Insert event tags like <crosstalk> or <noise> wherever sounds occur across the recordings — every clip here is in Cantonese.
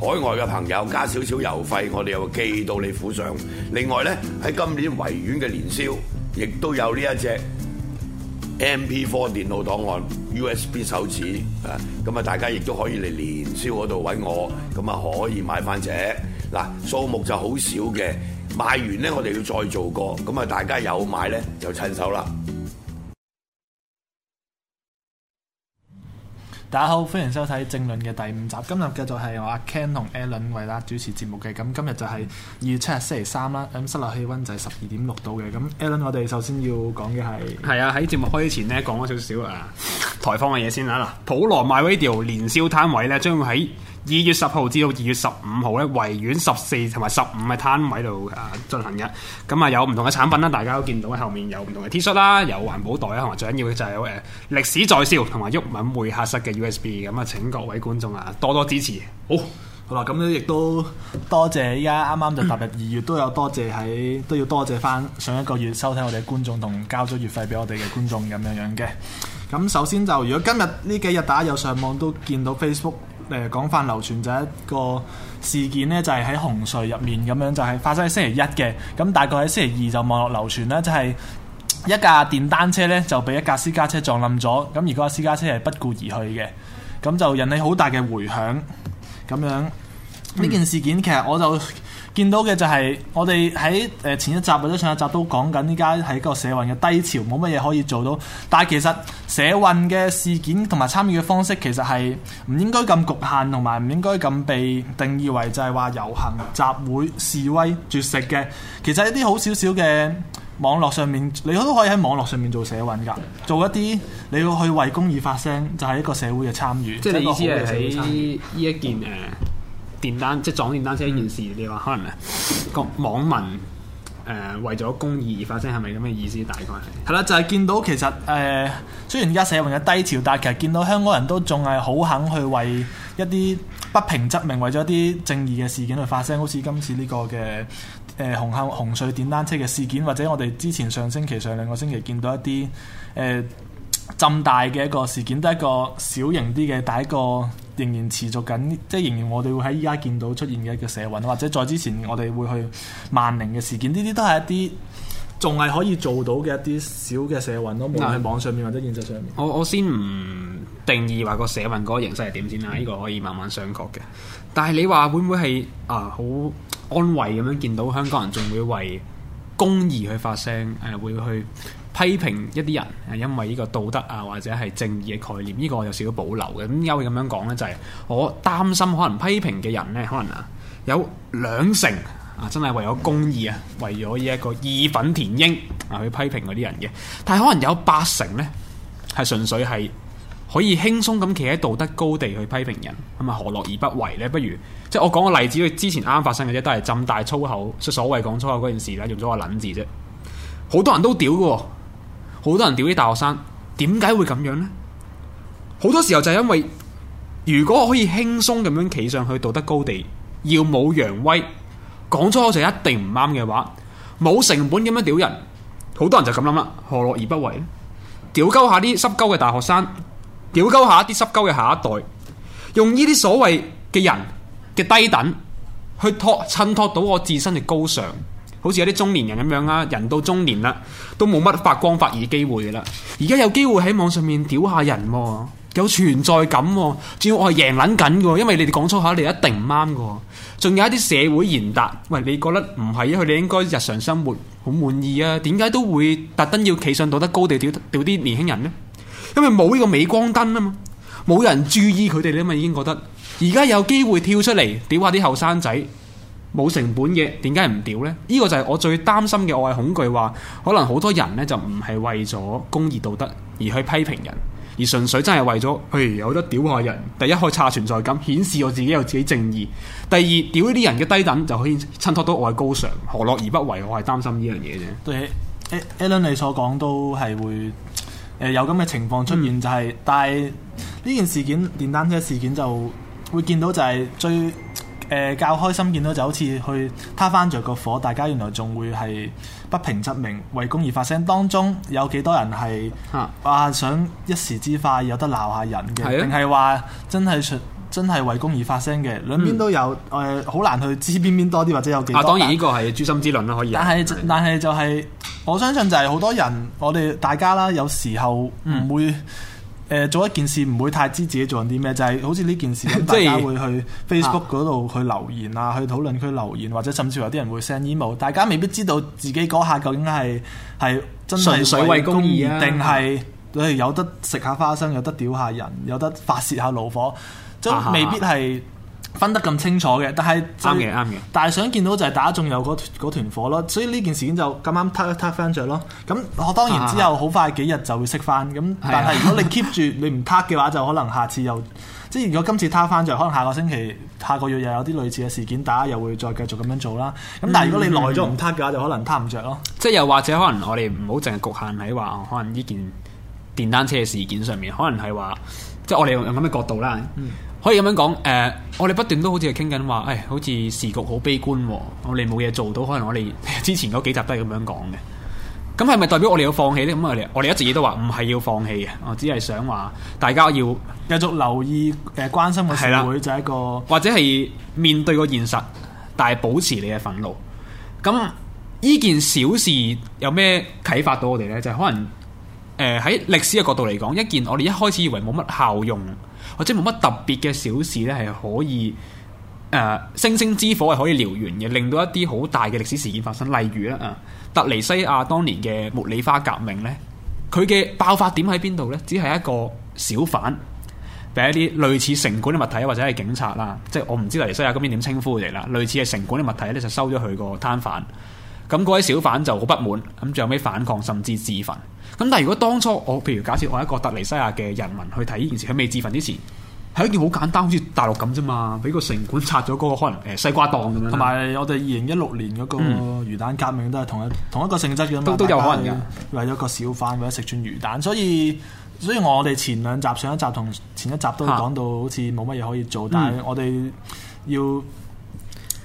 海外嘅朋友加少少郵費，我哋又寄到你府上。另外咧，喺今年維園嘅年宵，亦都有呢一隻 MP4 電腦檔案 USB 手指啊，咁啊，大家亦都可以嚟年宵嗰度揾我，咁啊，可以買翻隻。嗱，數目就好少嘅，賣完咧，我哋要再做過，咁啊，大家有買咧就趁手啦。大家好，歡迎收睇《政論》嘅第五集，今日繼續係我阿 Ken 同 Allen 為啦主持節目嘅。咁今日就係二月七日星期三啦，咁室內氣温就係十二點六度嘅。咁 Allen，我哋首先要講嘅係，係啊，喺節目開始前呢，講咗少少啊颱風嘅嘢先啦。嗱，普羅 MyRadio 年宵攤位咧將會喺二月十號至到二月十五號咧，維園十四同埋十五嘅攤位度啊進行嘅，咁啊有唔同嘅產品啦，大家都見到喺後面有唔同嘅 T 恤啦，有環保袋啦，同埋最緊要嘅就係有誒、呃、歷史在笑同埋毓民會客室嘅 USB。咁啊，請各位觀眾啊多多支持。好，好啦、嗯，咁咧亦都多謝依家啱啱就踏入二月，都有多謝喺都要多謝返上一個月收聽我哋嘅觀眾同交咗月費俾我哋嘅觀眾咁樣樣嘅。咁首先就如果今日呢幾日大家有上網都見到 Facebook。誒廣泛流傳就一個事件呢就係喺紅隧入面咁樣，就係、是、發生喺星期一嘅，咁大概喺星期二就網絡流傳啦，就係一架電單車呢就俾一架私家車撞冧咗，咁而嗰架私家車係不顧而去嘅，咁就引起好大嘅迴響，咁樣呢、嗯、件事件其實我就，見到嘅就係我哋喺誒前一集或者上一集都講緊，依家喺個社運嘅低潮，冇乜嘢可以做到。但係其實社運嘅事件同埋參與嘅方式，其實係唔應該咁局限，同埋唔應該咁被定義為就係話遊行、集會、示威、絕食嘅。其實一啲好少少嘅網絡上面，你都可以喺網絡上面做社運㗎，做一啲你要去為公義發聲，就係、是、一個社會嘅參與。即係你意思係喺呢一件誒、啊？電單即係撞電單車呢件事，你話，嗯、可能個網民誒為咗公義而發聲，係咪咁嘅意思？大概係係啦，就係見到其實誒，雖然而家社會環境低潮，但係其實見到香港人都仲係好肯去為一啲不平則鳴，為咗啲正義嘅事件去發聲。好似今次呢個嘅誒紅磡紅隧電單車嘅事件，或者我哋之前上星期、上兩個星期見到一啲誒浸大嘅一個事件，都係一個小型啲嘅第一個。仍然持續緊，即係仍然我哋會喺依家見到出現嘅一個社運，或者再之前我哋會去萬寧嘅事件，呢啲都係一啲仲係可以做到嘅一啲小嘅社運咯。無論係網上面或者現實上面。我我先唔定義話個社運嗰個形式係點先啦，呢、嗯、個可以慢慢商榷嘅。但係你話會唔會係啊好安慰咁樣見到香港人仲會為公義去發聲？誒、呃，會去。批評一啲人，因為呢個道德啊，或者係正義嘅概念，呢、呢個我有少少保留嘅。咁又會咁樣講呢，就係、是、我擔心，可能批評嘅人呢，可能啊有兩成啊，真係為咗公義啊，為咗呢一個義憤填膺啊去批評嗰啲人嘅。但係可能有八成呢，係純粹係可以輕鬆咁企喺道德高地去批評人，咁啊何樂而不為呢？不如即係我講個例子，佢之前啱發生嘅啫，都係浸大粗口，所謂講粗口嗰件事咧，用咗個撚字啫，好多人都屌嘅、哦。好多人屌啲大學生，點解會咁樣呢？好多時候就係因為，如果我可以輕鬆咁樣企上去道德高地，耀武揚威，講錯就一定唔啱嘅話，冇成本咁樣屌人，好多人就咁諗啦，何樂而不為咧？屌鳩下啲濕鳩嘅大學生，屌鳩下啲濕鳩嘅下一代，用呢啲所謂嘅人嘅低等去托襯托到我自身嘅高尚。好似有啲中年人咁樣啊，人到中年啦，都冇乜發光發熱機會噶啦。而家有機會喺網上面屌下人喎、啊，有存在感喎、啊。主要我係贏撚緊嘅，因為你哋講粗口，你一定唔啱嘅。仲有一啲社會賢達，喂，你覺得唔係啊？佢哋應該日常生活好滿意啊？點解都會特登要企上道德高地屌屌啲年輕人呢？因為冇呢個鎂光燈啊嘛，冇人注意佢哋，你咪已經覺得而家有機會跳出嚟屌下啲後生仔。冇成本嘅，點解唔屌呢？呢個就係我最擔心嘅，我係恐懼話，可能好多人呢就唔係為咗公義道德而去批評人，而純粹真係為咗，譬如有得屌下人，第一開叉存在感，顯示我自己有自己正義，第二屌呢啲人嘅低等，就可以襯托到我嘅高尚，何樂而不為？我係擔心呢樣嘢啫。對，Allen 你所講都係會有咁嘅情況出現，嗯、就係、是、但係呢件事件，電單車事件就會見到就係最。誒較開心見到就好似去他翻着個火，大家原來仲會係不平則鳴，為公而發聲。當中有幾多人係話想一時之快，有得鬧下人嘅，定係話真係真係為公而發聲嘅？兩邊都有誒，好、嗯呃、難去知邊邊多啲，或者有幾多？啊，當然呢個係誅心之論啦，可以。但係是的但係就係、是、我相信就係好多人，我哋大家啦，有時候唔會、嗯。做一件事唔會太知自己做緊啲咩，就係、係、好似呢件事咁， <laughs> 就係、大家會去 Facebook 嗰度去留言啊， <laughs> 去討論區留言，或者甚至有啲人會 send email，大家未必知道自己嗰下究竟係係純粹為公義，定係 <laughs> 有得食下花生，有得屌下人，有得發洩下怒火，都未必係。 <laughs> <laughs> 分得咁清楚嘅，但係啱嘅，啱嘅。但係想見到就係打仲有嗰團嗰團火咯，所以呢件事件就咁啱撻一撻翻著咯。咁我當然之後好快幾日就會識翻。咁、啊、是但係如果你 keep 住你唔撻嘅話，就可能下次又的 <laughs> 即係如果今次撻翻著，可能下個星期、下個月又有啲類似嘅事件打，大家又會再繼續咁樣做啦。咁但係如果你耐咗唔撻嘅話，嗯、就可能撻唔着咯。嗯、即係又或者可能我哋唔好淨係局限喺話，可能呢件電單車事件上面，可能係話即係我哋用咁嘅角度啦。嗯嗯可以咁樣講，誒、呃，我哋不斷都好似係傾緊話，誒，好似時局好悲觀，我哋冇嘢做到，可能我哋之前嗰幾集都係咁樣講嘅。咁係咪代表我哋要放棄呢？咁我哋，我哋一直都話唔係要放棄嘅，我只係想話大家要繼續留意、誒、呃、關心個社會，的就一個或者係面對個現實，但係保持你嘅憤怒。咁呢件小事有咩啟發到我哋呢？就係、是、可能，誒喺歷史嘅角度嚟講，一件我哋一開始以為冇乜效用。或者冇乜特別嘅小事咧，係可以誒、呃、星星之火係可以燎原嘅，令到一啲好大嘅歷史事件發生。例如啦，啊，突尼西亞當年嘅茉莉花革命咧，佢嘅爆發點喺邊度咧？只係一個小販，俾一啲類似城管嘅物體或者係警察啦，即係我唔知突尼西亞嗰邊點稱呼嚟啦，類似係城管嘅物體咧，就收咗佢個攤販。咁嗰啲小販就好不滿，咁最後尾反抗甚至自焚。咁但係如果當初我譬如假設我一個特尼西亞嘅人民去睇呢件事，佢未自焚之前，係一件好簡單，好似大陸咁啫嘛，俾個城管拆咗嗰、那個可能誒西瓜檔咁樣。同埋我哋二零一六年嗰個魚蛋革命都係同一、嗯、同一個性質嘅嘛，都都有可能為咗個小販為咗食串魚蛋。所以所以我哋前兩集上一集同前一集都講到好似冇乜嘢可以做，啊、但係我哋要。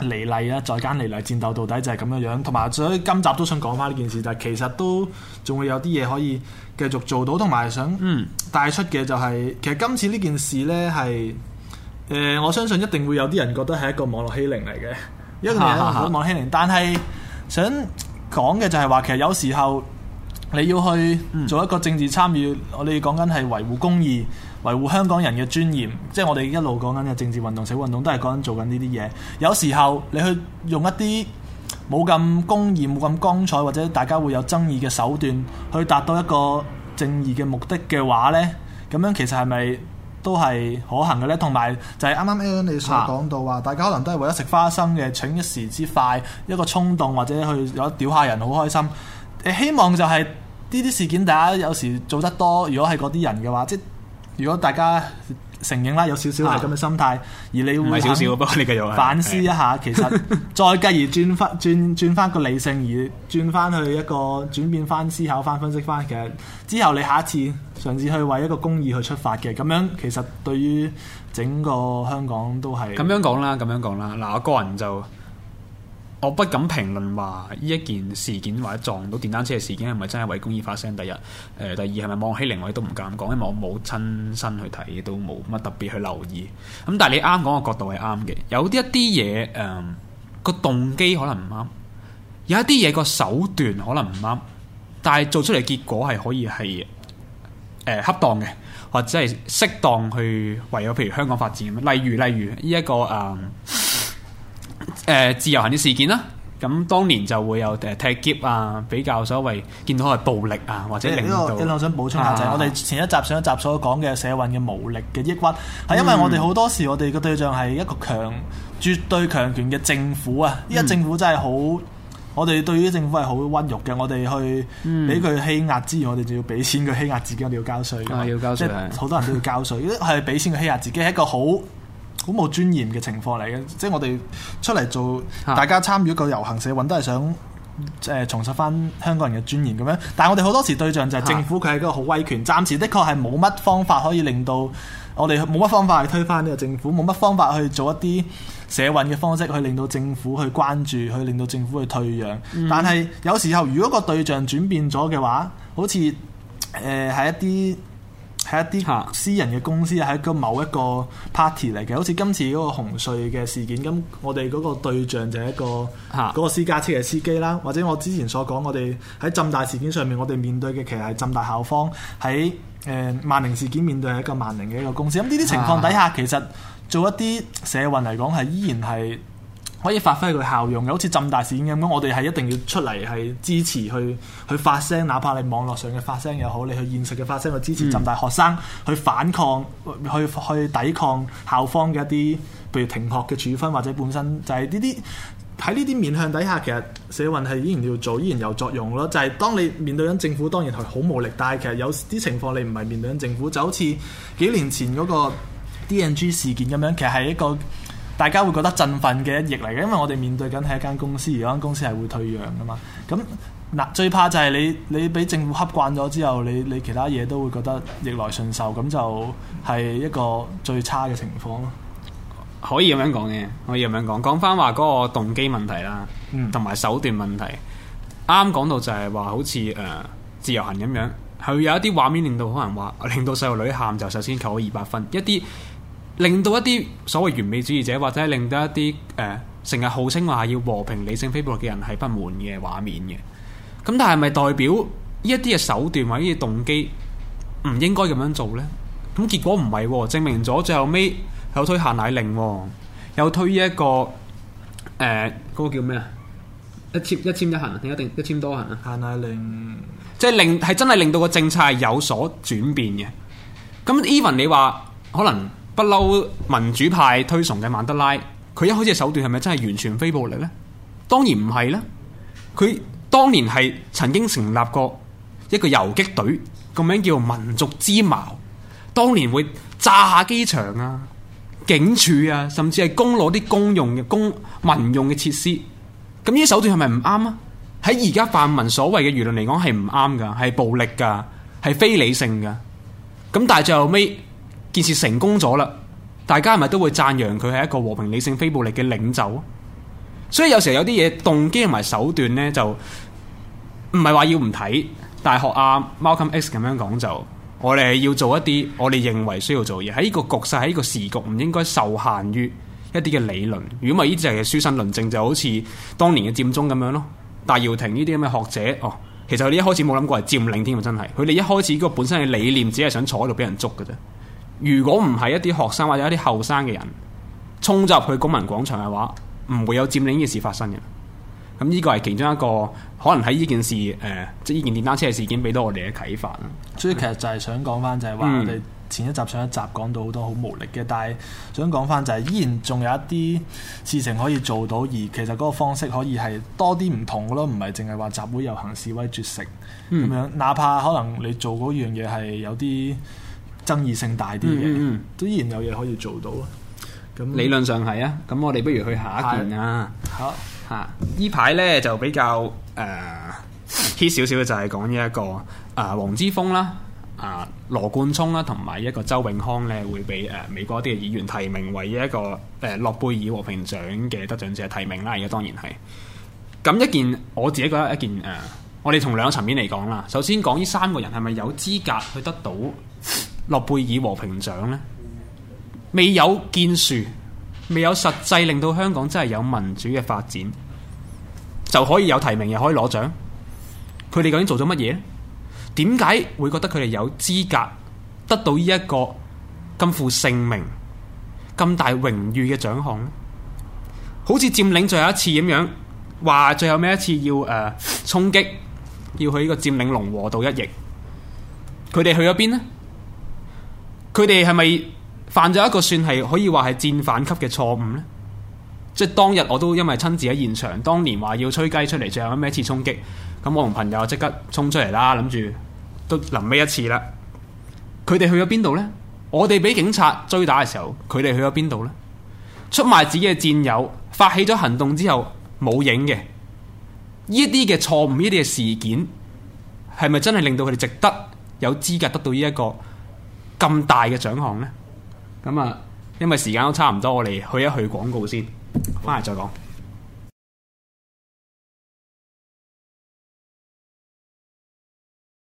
嚟離啦，再加嚟離，戰鬥到底就係咁樣樣。同埋所以今集都想講返呢件事，就係、是、其實都仲會有啲嘢可以繼續做到，同埋想帶出嘅就係、是、其實今次呢件事呢，係誒、呃，我相信一定會有啲人覺得係一個網絡欺凌嚟嘅，一個嘢係網絡欺凌。 <laughs> 但係想講嘅就係話，其實有時候。你要去做一個政治參與，嗯、我哋講緊係維護公義、維護香港人嘅尊嚴，即、就、係、是、我哋一路講緊嘅政治運動、社會運動都係講緊做緊呢啲嘢。有時候你去用一啲冇咁公義、冇咁光彩或者大家會有爭議嘅手段去達到一個正義嘅目的嘅話呢，咁樣其實係咪都係可行嘅呢？同埋就係啱啱 Allen 你所講到話，啊、大家可能都係為咗食花生嘅，逞一時之快，一個衝動或者去有得屌下人好開心。誒，希望就係、是、～呢啲事件，大家有時做得多，如果係嗰啲人嘅話，即如果大家承認啦，有少少係咁嘅心態，啊、而你會反思一下，小小其實再繼而轉翻 <laughs> 轉轉翻個理性，而轉翻去一個轉變翻思考翻分析翻，其實之後你下一次嘗試去為一個公義去出發嘅，咁樣其實對於整個香港都係咁樣講啦，咁樣講啦。嗱，我個人就～我不敢評論話呢一件事件或者撞到電單車嘅事件係咪真係為公義發聲。第一，誒、呃、第二係咪望起另外都唔敢講，因為我冇親身去睇嘅，都冇乜特別去留意。咁、嗯、但係你啱講嘅角度係啱嘅。有啲一啲嘢誒個動機可能唔啱，有一啲嘢個手段可能唔啱，但係做出嚟結果係可以係誒、呃、恰當嘅，或者係適當去為咗譬如香港發展咁。例如例如依一、這個誒。呃誒、呃，自由行啲事件啦，咁當年就會有誒踢篋啊，比較所謂見到係暴力啊，或者令到，啊。一、我想補充下就，啊、我哋前一集上一集所講嘅社運嘅無力嘅抑鬱，係、嗯、因為我哋好多時我哋嘅對象係一個強、嗯、絕對強權嘅政府啊，依家政府真係好、嗯，我哋對於政府係好屈辱嘅，我哋去俾佢欺壓之餘，我哋就要俾錢佢欺壓自己，我哋要交稅，係、啊、要交稅，好多人都要交稅，係俾錢佢欺壓自己係一個好。好冇尊嚴嘅情況嚟嘅，即係我哋出嚟做，大家參與一個遊行社運都係想誒、呃、重拾翻香港人嘅尊嚴咁樣。但係我哋好多時對象就係政府，佢係一個好威權，暫時的確係冇乜方法可以令到我哋冇乜方法去推翻呢個政府，冇乜方法去做一啲社運嘅方式去令到政府去關注，去令到政府去退讓。但係有時候如果個對象轉變咗嘅話，好似誒係一啲，係一啲私人嘅公司，係一個某一個 party 嚟嘅，好似今次嗰個紅隧嘅事件。咁我哋嗰個對象就係一個嗰、嗰個私家車嘅司機啦，或者我之前所講，我哋喺浸大事件上面，我哋面對嘅其實係浸大校方，喺誒、呃、萬寧事件面對係一個萬寧嘅一個公司。咁呢啲情況底下，其實做一啲社運嚟講，係依然係。可以發揮佢效用嘅，好似浸大事件咁。我哋係一定要出嚟係支持去，去去發聲，哪怕你網絡上嘅發聲又好，你去現實嘅發聲去支持浸大學生去反抗、去去抵抗校方嘅一啲，譬如停學嘅處分或者本身就係呢啲，喺呢啲面向底下，其實社運係依然要做，依然有作用咯。就係、是、當你面對緊政府，當然係好無力。但係其實有啲情況你唔係面對緊政府，就好似幾年前嗰個 DNG 事件咁樣，其實係一個。大家會覺得振奮嘅一役嚟嘅，因為我哋面對緊係一間公司，而嗰間公司係會退讓噶嘛。咁嗱，最怕就係你你俾政府恰慣咗之後，你你其他嘢都會覺得逆來順受，咁就係一個最差嘅情況咯。可以咁樣講嘅，可以咁樣講。講翻話嗰個動機問題啦，同埋、嗯、手段問題。啱講到就係話好似誒、呃、自由行咁樣，佢有一啲畫面令到可能話令到細路女喊，就首先扣咗二百分。一啲令到一啲所謂完美主義者，或者令到一啲誒成日號稱話要和平理性非暴力嘅人係不滿嘅畫面嘅。咁但係咪代表呢一啲嘅手段或者呢啲動機唔應該咁樣做呢？咁結果唔係、哦，證明咗最後尾有推限奶令，有推一個誒嗰、呃、個叫咩啊？一簽一簽一行定一定一簽多行啊？限奶令，即係令係真係令到個政策係有所轉變嘅。咁 even 你話可能。不嬲民主派推崇嘅曼德拉，佢一開始嘅手段係咪真係完全非暴力呢？當然唔係啦，佢當年係曾經成立過一個游擊隊，個名叫民族之矛，當年會炸下機場啊、警署啊，甚至係供攞啲公用嘅公、民用嘅設施。咁呢啲手段係咪唔啱啊？喺而家泛民所謂嘅輿論嚟講係唔啱㗎，係暴力㗎，係非理性㗎。咁但係最後尾。件事成功咗啦，大家咪都會讚揚佢係一個和平理性非暴力嘅領袖。所以有時候有啲嘢動機同埋手段呢，就唔係話要唔睇。大學啊，Malcolm X 咁樣講就，我哋要做一啲我哋認為需要做嘢。喺呢個局勢喺呢個時局，唔應該受限於一啲嘅理論。如果唔係呢，就係書生論政，就好似當年嘅佔中咁樣咯。戴耀廷呢啲咁嘅學者哦，其實你一開始冇諗過係佔領添，真係佢哋一開始嗰個本身嘅理念，只係想坐喺度俾人捉嘅啫。如果唔係一啲學生或者一啲後生嘅人衝入去公民廣場嘅話，唔會有佔領呢件事發生嘅。咁呢個係其中一個可能喺呢件事誒、呃，即係呢件電單車嘅事件俾到我哋嘅啟發。所以其實就係想講返，就係話我哋前一集上一集講到好多好無力嘅，但係想講返就係依然仲有一啲事情可以做到，而其實嗰個方式可以係多啲唔同嘅咯，唔係淨係話集會遊行示威絕食咁、嗯、樣。哪怕可能你做嗰樣嘢係有啲爭議性大啲嘅，都依、嗯、然有嘢可以做到啊。咁理論上係啊，咁我哋不如去下一件啊。好嚇，依排咧就比較誒 heat 少少嘅，呃、 <laughs> 點點就係講呢、這、一個啊，黃、呃、之鋒啦，啊、呃、羅冠聰啦，同埋一個周永康咧，會俾誒美國一啲嘅議員提名為依一個誒、呃、諾貝爾和平獎嘅得獎者提名啦。而家當然係咁一件，我自己覺得一件誒、呃，我哋從兩個層面嚟講啦。首先講呢三個人係咪有資格去得到？ <laughs> 諾貝爾和平獎呢，未有建樹，未有實際令到香港真係有民主嘅發展，就可以有提名又可以攞獎。佢哋究竟做咗乜嘢呢？點解會覺得佢哋有資格得到呢一個咁負盛名、咁大榮譽嘅獎項呢？好似佔領最後一次咁樣，話最後咩一次要誒衝擊，要去呢個佔領龍和道一役，佢哋去咗邊呢？佢哋係咪犯咗一個算係可以話係戰犯級嘅錯誤呢？即係當日我都因為親自喺現場，當年話要吹雞出嚟，最後咩一次衝擊，咁我同朋友即刻衝出嚟啦，諗住都臨尾一次啦。佢哋去咗邊度呢？我哋俾警察追打嘅時候，佢哋去咗邊度呢？出賣自己嘅戰友，發起咗行動之後冇影嘅，呢啲嘅錯誤，呢啲嘅事件，係咪真係令到佢哋值得有資格得到呢一個？咁大嘅獎項呢，咁啊，因為時間都差唔多，我哋去一去廣告先，翻嚟再講。